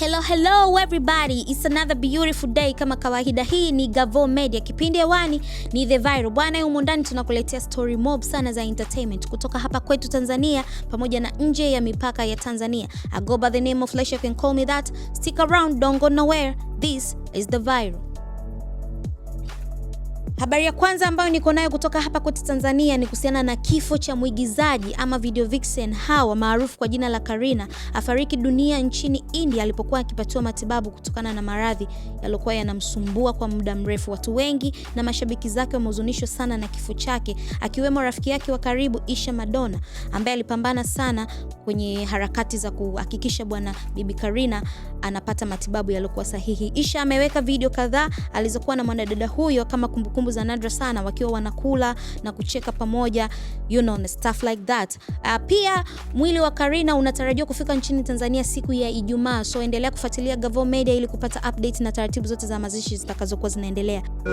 Hello, hello everybody. It's another beautiful day kama kawaida. Hii ni gavo Media. Kipindi hewani ni The Viral. Bwana humu ndani tunakuletea story mob sana za entertainment kutoka hapa kwetu Tanzania pamoja na nje ya mipaka ya Tanzania. I go by the name of Lesha, you can call me that. Stick around, don't go nowhere. This is The Viral. Habari ya kwanza ambayo niko nayo kutoka hapa kote Tanzania ni kuhusiana na kifo cha mwigizaji ama video vixen Hawa maarufu kwa jina la Karina afariki dunia nchini India alipokuwa akipatiwa matibabu kutokana na maradhi yaliokuwa yanamsumbua kwa muda mrefu. Watu wengi na mashabiki zake wamehuzunishwa sana na kifo chake, akiwemo rafiki yake wa karibu Isha Madonna ambaye alipambana sana kwenye harakati za kuhakikisha bwana bibi Karina anapata matibabu yaliokuwa sahihi. Isha ameweka video kadhaa alizokuwa na mwanadada huyo kama kumbukumbu kumbukumbu za nadra sana wakiwa wanakula na kucheka pamoja, you know, stuff like that. Uh, pia mwili wa Karina unatarajiwa kufika nchini Tanzania siku ya Ijumaa, so endelea kufuatilia Gavoo Media ili kupata update na taratibu zote za mazishi zitakazokuwa zinaendelea. Uh,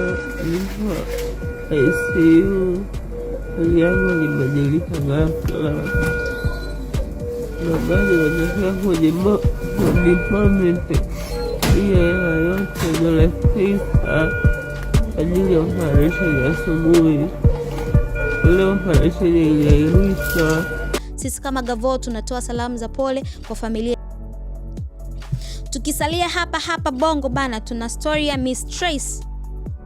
ajili ya operesheni ya asubuhi, ile operesheni iliahirishwa. Sisi kama Gavoo tunatoa salamu za pole kwa familia. Tukisalia hapa hapa Bongo bana, tuna stori ya Miss Trace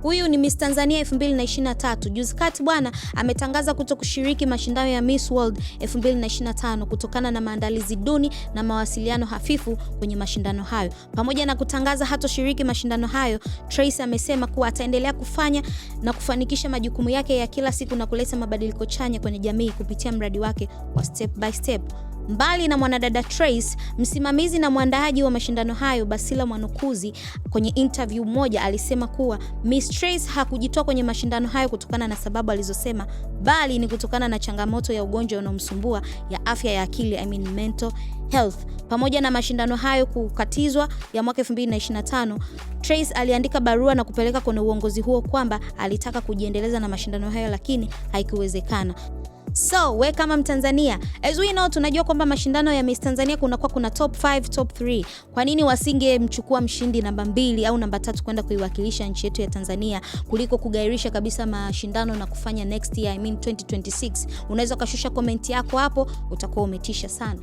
Huyu ni Miss Tanzania 2023. Juzi kati bwana ametangaza kuto kushiriki mashindano ya Miss World 2025 kutokana na maandalizi duni na mawasiliano hafifu kwenye mashindano hayo. Pamoja na kutangaza hatoshiriki mashindano hayo, trace amesema kuwa ataendelea kufanya na kufanikisha majukumu yake ya kila siku na kuleta mabadiliko chanya kwenye jamii kupitia mradi wake wa Step by Step. Mbali na mwanadada Trace, msimamizi na mwandaaji wa mashindano hayo Basila Mwanukuzi kwenye interview moja alisema kuwa Miss Trace hakujitoa kwenye mashindano hayo kutokana na sababu alizosema, bali ni kutokana na changamoto ya ugonjwa unaomsumbua ya afya ya akili, I mean mental health. Pamoja na mashindano hayo kukatizwa ya mwaka 2025, Trace aliandika barua na kupeleka kwenye uongozi huo kwamba alitaka kujiendeleza na mashindano hayo lakini haikuwezekana. So we kama Mtanzania, as we know, tunajua kwamba mashindano ya Miss Tanzania kunakuwa kuna top 5, top 3. Kwa nini wasingemchukua mshindi namba mbili au namba tatu kwenda kuiwakilisha nchi yetu ya Tanzania kuliko kugairisha kabisa mashindano na kufanya next year, I mean 2026? Unaweza ukashusha komenti yako hapo, utakuwa umetisha sana.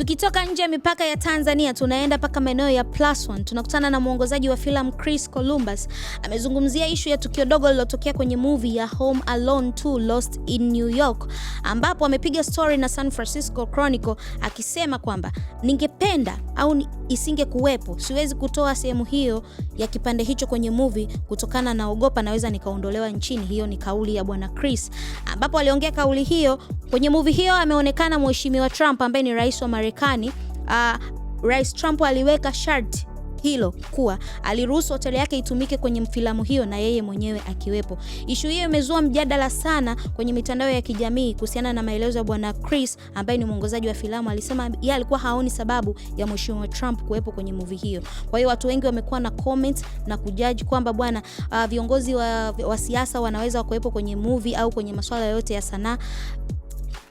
Tukitoka nje ya mipaka ya Tanzania tunaenda mpaka maeneo ya Plus One, tunakutana na mwongozaji wa filamu Chris Columbus. Amezungumzia ishu ya tukio dogo lilotokea kwenye movie ya Home Alone 2 Lost in New York, ambapo amepiga story na San Francisco Chronicle akisema kwamba ningependa au isinge kuwepo, siwezi kutoa sehemu hiyo ya kipande hicho kwenye movie kutokana na ogopa naweza nikaondolewa nchini. Hiyo ni kauli ya bwana Chris, ambapo aliongea kauli hiyo kwenye movie hiyo. Ameonekana mheshimiwa Trump ambaye ni rais wa Marekani Marekani, uh, Rais Trump aliweka sharti hilo kuwa aliruhusu hoteli yake itumike kwenye filamu hiyo na yeye mwenyewe akiwepo. Ishu hiyo imezua mjadala sana kwenye mitandao ya kijamii kuhusiana na maelezo ya bwana Chris ambaye ni mwongozaji wa filamu. Alisema yeye alikuwa haoni sababu ya mheshimiwa Trump kuwepo kwenye movie hiyo. Kwa hiyo watu wengi wamekuwa na comment na kujaji kwamba bwana, uh, viongozi wa, wa siasa wanaweza kuwepo kwenye movie au kwenye masuala yote ya sanaa.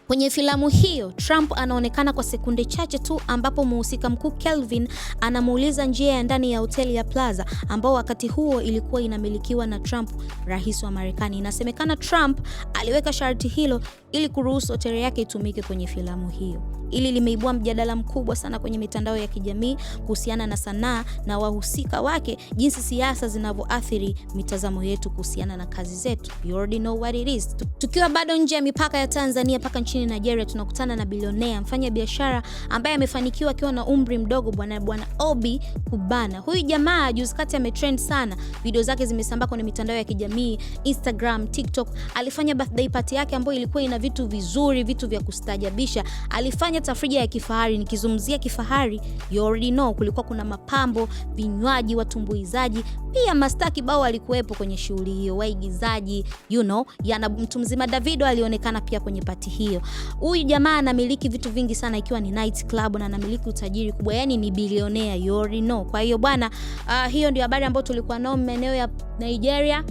Kwenye filamu hiyo, Trump anaonekana kwa sekunde chache tu ambapo mhusika mkuu Kelvin anamuuliza njia ya ndani ya hoteli ya Plaza ambao wakati huo ilikuwa inamilikiwa na Trump, rais wa Marekani. Inasemekana Trump aliweka sharti hilo ili kuruhusu hoteli yake itumike kwenye filamu hiyo. Ili limeibua mjadala mkubwa sana kwenye mitandao ya kijamii kuhusiana na sanaa na wahusika wake, jinsi siasa zinavyoathiri mitazamo yetu kuhusiana na kazi zetu. You already know what it is. Tukiwa bado nje ya mipaka ya Tanzania mpaka nchini Nigeria, tunakutana na bilionea mfanya biashara ambaye amefanikiwa akiwa na umri mdogo, bwana bwana Obi Kubana. Huyu jamaa juzi kati ametrend sana, video zake zimesambaa kwenye mitandao ya kijamii Instagram, TikTok. Alifanya birthday party yake ambayo ilikuwa ina vitu vizuri, vitu vya kustajabisha. Alifanya kwenye tafrija ya kifahari, nikizungumzia kifahari, you already know, kulikuwa kuna mapambo, vinywaji, watumbuizaji, pia mastaa kibao alikuwepo kwenye shughuli hiyo, waigizaji, you know, yana mtu mzima. Davido alionekana pia kwenye pati hiyo. Huyu jamaa anamiliki vitu vingi sana, ikiwa ni night club na anamiliki utajiri kubwa, yani ni bilionea, you already know. Kwa hiyo bwana, uh, hiyo ndio habari ambayo tulikuwa nao maeneo ya Nigeria.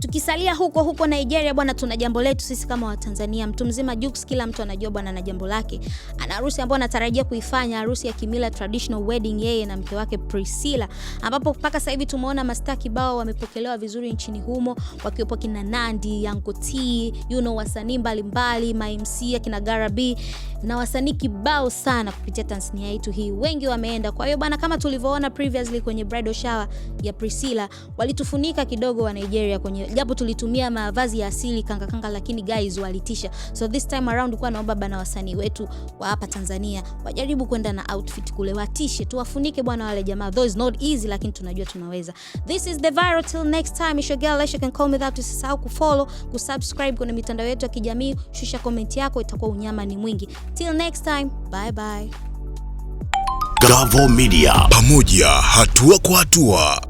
Tukisalia huko huko Nigeria bwana, tuna jambo letu sisi kama Watanzania. Mtu mzima Jux, kila mtu anajua bwana na jambo lake, ana harusi ambayo anatarajia kuifanya, harusi ya kimila traditional wedding, yeye na mke wake Priscilla, ambapo mpaka sasa hivi tumeona mastaa kibao wamepokelewa vizuri nchini humo, wakiwepo kina Nandi, Yanko T, you know, wasanii mbalimbali, ma MC kina Garabi na wasanii kibao sana kupitia Tanzania yetu hii, wengi wameenda. Kwa hiyo bana, kama tulivyoona previously kwenye bridal shower ya Priscilla, walitufunika kidogo wa Nigeria kwenye, japo tulitumia mavazi ya asili kanga kanga, lakini guys walitisha. So this time around kwa naomba bana, wasanii wetu wa hapa Tanzania wajaribu kwenda na outfit kule, watishe, tuwafunike bwana wale jamaa, though it's not easy, lakini tunajua tunaweza. This is the viral till next time, it's your girl Aisha can call me that. Usisahau kufollow kusubscribe kwenye mitandao yetu ya kijamii, shusha comment yako, itakuwa unyama ni mwingi. Till next time, bye bye. Gavoo Media, pamoja hatua kwa hatua.